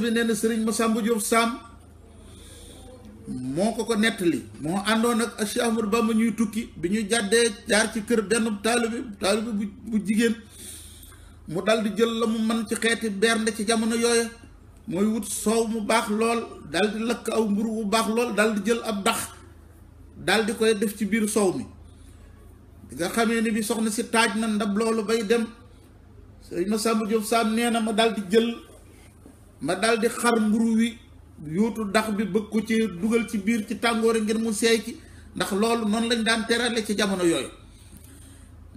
bi nee na sëriñ Masamba Diop Sam moo ko ko nettali moo àndoon ak Cheikh Ahmadou Bamba ñuy tukki bi ñu jàddee jaar ci kër benn taalibe taalibe bu bu jigéen mu daldi di jël la mu mën ci xeeti bernde ci jamono yooya mooy wut soow mu baax lool dal di aw mburu bu baax lool dal di jël ab dax dal koy def ci biir soow mi nga xamee ni bi soxna si taaj na ndab loolu bay dem sëriñ Masamba Diop Sam nee na ma dal di jël ma daal di xar mburu wi yóotu ndax bi bëgg ko ci dugal ci biir ci tàngoor ngir mu seey ci ndax loolu noonu lañ daan terale ci jamono yooyu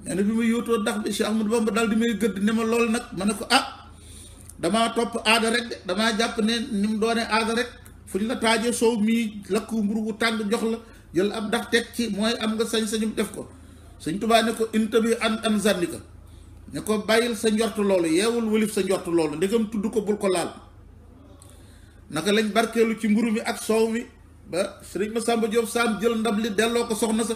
nee bi ma yóotoo dax bi Cheikh Ahmadou Bamba daal di may gëdd ne ma loolu ma ne ko ah damaa topp aada damaa jàpp ne ni mu doone aada rek fu soow mii lakk mburu bu tàng jox la jël ab dax teg ci mooy am nga sañ-sañu def ko Sëñ Tuubaa ne ko inta bi an an zànni ne ko bàyyil sa njort loolu yeewul wëlif sa njort loolu ndegam tudd ko bul ko laal naka lañ barkeelu ci mburu mi ak soow mi ba sëriñ Masamba Diop Sam jël ndab li delloo ko soxna sa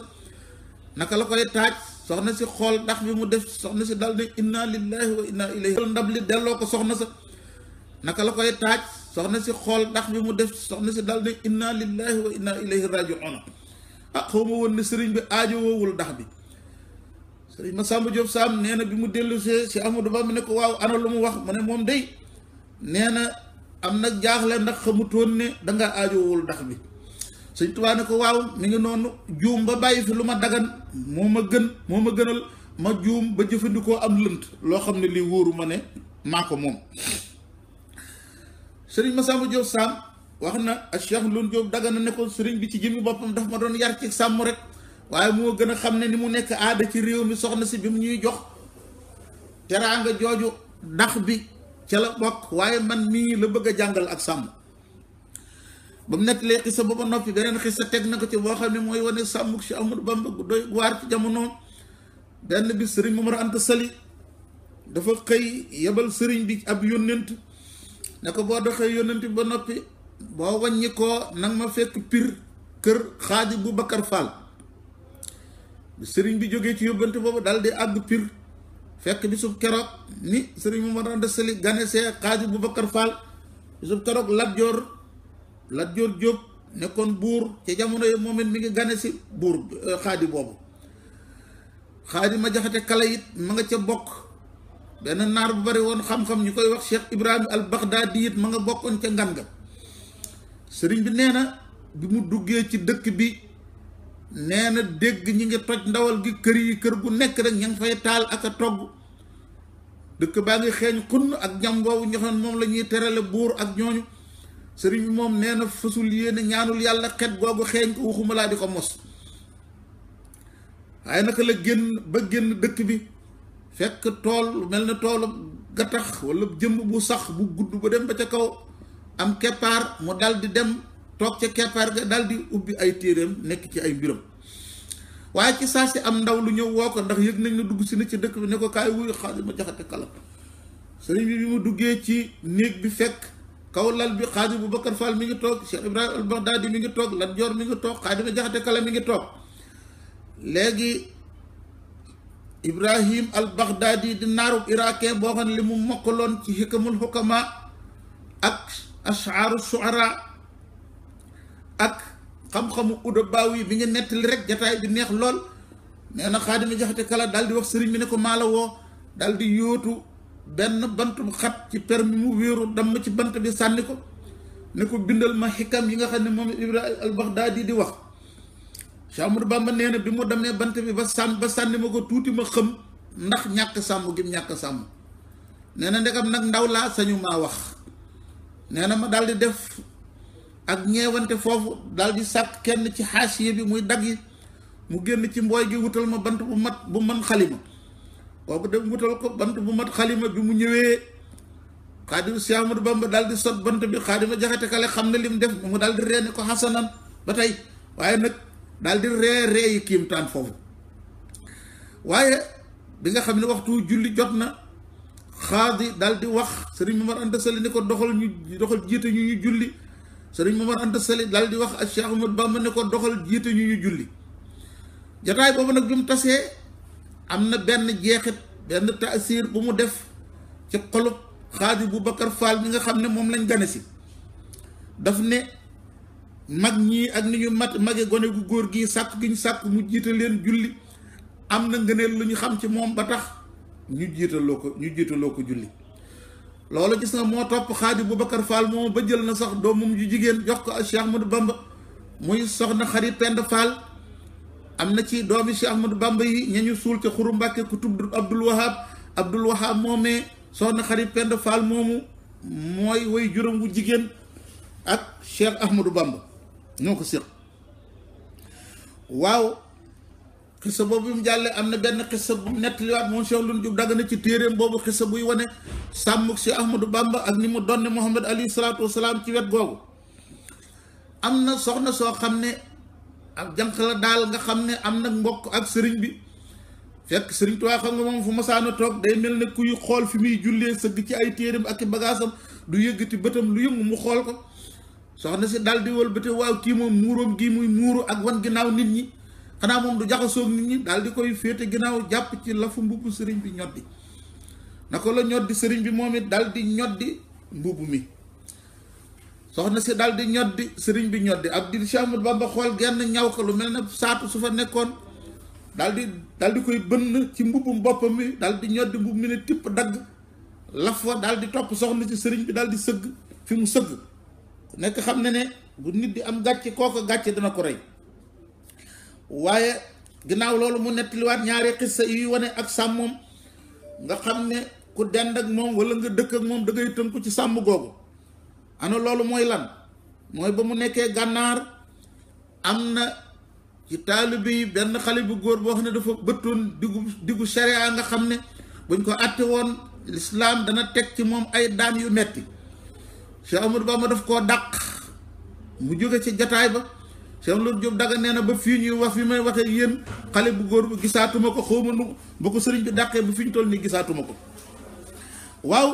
naka la koy taaj soxna si xool ndax bi mu def soxna si dal ne inna lillahi wa inna ilayhi jël ndab li delloo ko soxna sa naka la koy taaj soxna si xool ndax bi mu def soxna si dal ne inna lillahi wa inna ilayhi ah xaw ma woon ne sëriñ bi aajo woowul ndax bi sëriñ Masamba Diop Sam nee na bi mu dellusee si Amadou Ba mu ne ko waaw ana lu mu wax mu ne moom day nee na am nag jaaxle ndax xamutoon ne danga aajowul ndax bi sëñ Tuubaa ne ko waaw mi ngi noonu juum ba bàyyi fi lu ma dagan moo ma gën moo ma gënal ma juum ba jëfandikoo am lënt loo xam ne lii wóoru ma ne maa ko moom sëriñ Masamba Diop Sam wax na ak Cheikh Loun Diop dagana ne nekkoon sëriñ bi ci jëmmi boppam daf ma doon yar ci sàmm rek waaye moo gën a xam ne ni mu nekk aada ci réew mi soxna si bi mu ñuy jox teraanga jooju ndax bi ca la bokk waaye man mii la bëgg a jàngal ak sàmm ba mu nekk lee xisa ba ba noppi beneen xisa teg na ko ci boo xam ne mooy wane sàmmuk si amul bamba gu doy waar ci jamono benn bi sëriñ Momar Anta Sali dafa xëy yebal sëriñ bi ab yónnent ne ko boo doxee yónnent ba noppi boo wàññi koo nag ma fekk piir kër xaaji bu Bakar Fall sëriñ bi jógee ci yóbbante boobu daal di àgg piir fekk bisub keroog ni sëriñ mu ma daan de sëli gane see xaaju Boubacar Fall bisub keroog Lat Joor Lat Joor nekkoon buur ci jamono yi moom it mi ngi gane si buur euh, xaadi boobu xaadi ma jaxate kala it ma nga ca bokk benn naar bu bari woon xam-xam ñu koy wax Cheikh Ibrahima al Baghdadi it ma nga bokkoon ca ngan ga sëriñ bi nee bi mu duggee ci dëkk bi nee na dégg ñi ngi toj ndawal gi kër yi kër gu nekk rek ña ngi fay taal ak a togg dëkk baa ngi xeeñ xunn ak ñam woowu ñoxoon moom la terale buur ak ñooñu sëriñ bi moom nee na fasul yéene ñaanul yàlla xet googu xeeñ ko waxuma laa di ko mos waaye naka la génn ba génn dëkk bi fekk tool mel na toolu gattax walla jëmb bu sax bu gudd ba dem ba ca kaw am keppaar mu dal di dem toog ca keppaar ga daal di ubbi ay téeréem nekk ci ay mbiram waaye ci saa si am ndaw lu ñëw woo ko ndax yëg nañ ne dugg si na ci dëkk bi ne ko kaay wuyu xaadima jaxate kala sëriñ bi bi mu duggee ci néeg bi fekk kaw lal bi xaadim bu Bakar Fall mi ngi toog Cheikh Ibrahima mi ngi toog Lat Joor mi ngi toog xaadima jaxate kala mi ngi toog léegi Ibrahim al Baghdadi di naarub irakien boo xam ne li mu mokkaloon ci xikamul xukama ak ashaaru suara ak xam-xamu uda baaw yi bi nga nettali rek jataay bi neex lool nee na xaadima te kala daal di wax sëriñ bi ne ko maa woo daal di yóotu benn bantum xat ci permi mu wéeru damm ci bant bi sànni ko ne ko bindal ma xikam yi nga xam ne moom Ibrahima al Baxdaadi di wax Cheikh Amadou Bamba nee na bi mu demee bant bi ba sànn ba sànni ma ko tuuti ma xëm ndax ñàkk sàmm gim ñàkk sàmm nee na ndegam nag ndaw laa sañu maa wax nee na ma daal di def ak ñeewante foofu daal di sàkk kenn ci xaasiye bi muy dagg yi mu génn ci mbooy gi wutal ma bant bu mat bu man xalima kooku dem wutal ko bant bu mat xalima bi mu ñëwee xaadimu si Ahmadu Bamba daal di sot bant bi xaadima jaxate kale xam ne lim def mu daal di ree ni ko xasanan ba tey waaye nag daal di ree ree yi kiimtaan foofu waaye bi nga xam ne waxtu julli jot na xaadi daal di wax sëriñ Mamar Anta Sali ni ko doxal ñu doxal jiite ñu ñu julli sëriñ Momar Anta Sali dal di wax ak Cheikh Ahmadou Bamba ne ko doxal jiite ñu ñu julli jataay boobu nag bi mu tasee am na benn jeexit benn taasir bu mu def ci xolub xaadi bu Bakar Fall mi nga xam ne moom lañ gane si daf ne mag ñii ak ni ñu mat mage gone gu góor gii sàkk gi ñu sàkk mu jiite leen julli am na ngëneel lu ñu xam ci moom ba tax ñu jiitaloo ko ñu jiitaloo ko julli loolu gis nga moo topp xaadi Boubacar Fall moom ba jël na sax doomam ju jigéen jox ko ak Cheikh Ahmadou Bamba muy soxna xarit Penda Fall am na ci doomi Cheikh Ahmadou Bamba yi ña ñu suul ca xuru Mbàkke ku tudd Abdul Wahab Abdul Wahab moomee soxna xarit Penda Fall moomu mooy way juróom wu jigéen ak Cheikh Ahmadou Bamba ñoo ko séq waaw xissa boobu bi mu jàllee am na benn xissa bu mu nettaliwaat moom Cheikh Lune Diop dagg na ci téeréem boobu xissa buy wane sàmmuk si Ahmadou Bamba ak ni mu donne Mouhamed alayhi salaatu wasalaam ci wet googu am na soxna soo xam ne ak jànq la daal nga xam ne am na mbokk ak sëriñ bi fekk sëriñ Tuubaa xam nga moom fu masaana toog day mel ne kuy xool fi muy jullee sëgg ci ay téeréem ak i bagaasam du yëggati bëtam lu yëngu mu xool ko soxna si daal di wëlbati waaw kii moom muuroom gi muy muuru ak wan ginnaaw nit ñi xanaa moom du jaxasoog nit ñi daal di koy féete ginnaaw jàpp ci lafu mbubb sëriñ bi ñoddi na ko la ñoddi sëriñ bi moom it daal di ñoddi mbubb mi soxna si daal sëriñ bi ñoddi Abdul Chamad Bamba xool genn ñaw mel ne saatu su nekkoon daal daal di koy ci mbubbum boppam mi daal di ñoddi tipp dagg laf fa daal di topp soxna si sëriñ bi daal di sëgg fi mu sëgg nekk xam ne ne bu nit di am gàcce kooka gàcce dina ko rey waaye ginnaaw loolu mu nettaliwaat ñaari xissa yuy wane ak sàmmoom nga xam ne ku dend ak moom wala nga dëkk ak moom da ngay tënku ci sàmm googu ana loolu mooy lan mooy ba mu nekkee gànnaar am na ci taalibe benn xale bu góor boo xam ne dafa bëttoon diggu diggu sharia nga xam ne buñ ko àtte woon lislaam dana teg ci moom ay daan yu metti Cheikh Amadou daf koo dàq mu jóge ci jataay ba Cheikh Lour Diop Daga nee na ba fii ñuy wax fi may waxee yéen xale bu góor bu gisaatuma ko xawma nu ba ko sëriñ bi dàqee bu fi ñu toll nii gisaatuma ko waaw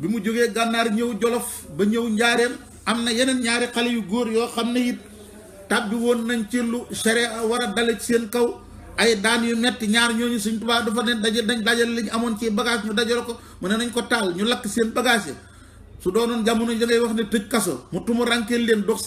bi mu jógee gànnaar ñëw jolof ba ñëw njaareel am na yeneen ñaari xale yu góor yoo xam ne it tàbbi woon nañ ci lu sharia war a dale ci seen kaw ay daan yu metti ñaar ñooñu suñ tubaab dafa ne daje dañ dajale lañ ñu amoon ci bagage ñu dajale ko mu ne nañ ko taal ñu lakk seen bagage yi su doonoon jamono da wax ne tëj kaso mu tumu leen dox